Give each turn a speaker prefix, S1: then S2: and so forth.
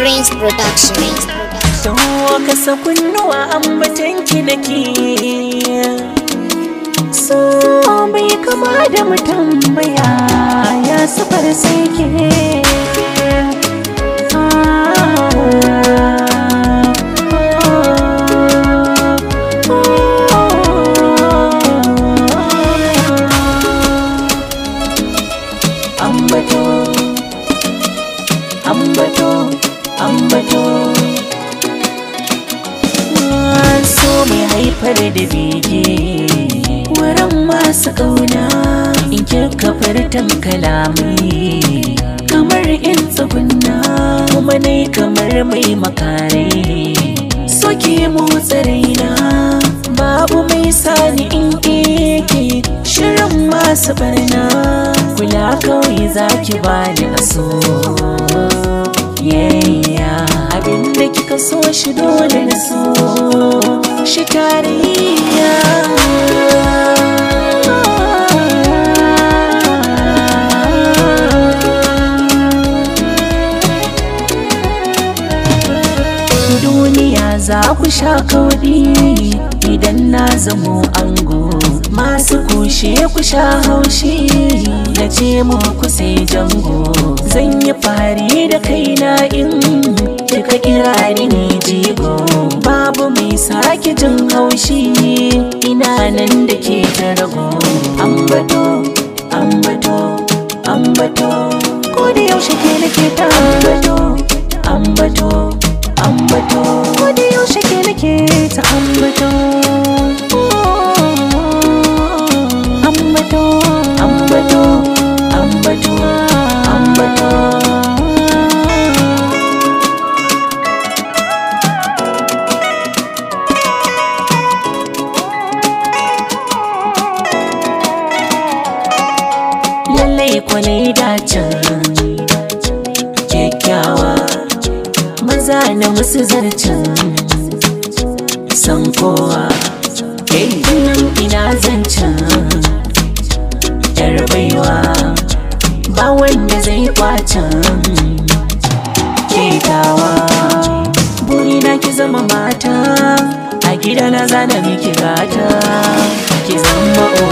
S1: Prince Productions. Production. ka sa kunnuwa an batanki nake So bai kama da mutum baya ya sufar sai ke ambato ambato ambato so mai haifar da bege wurin masu ƙauna in kirka fartan kalamai kamar in tsugunna kuma ne kamar mai makarai soke motsa raina babu mai sani in eke shirin masu barna kula kawai zaki bani aso ka so shi dole na so shi duniya za ku sha kauri idan na zamo ango masu kushe ku sha haushi da ce mu ku sai jango zan yi fari da kaina in kika kira ni jigo babu mai sake jin haushi ina nan da ke ta rago ambato ambato ambato ko da yaushe ke nake ta ambato ambato ambato ko da yaushe ke nake ta ambato kwanai dacin kyakkyawa maza na musu zarcin sankowa. kowa kai nan ina zancin yarbaiwa ba wanda zai kwacin kekawa burina ki zama mata a gida na zana miki gata ki zama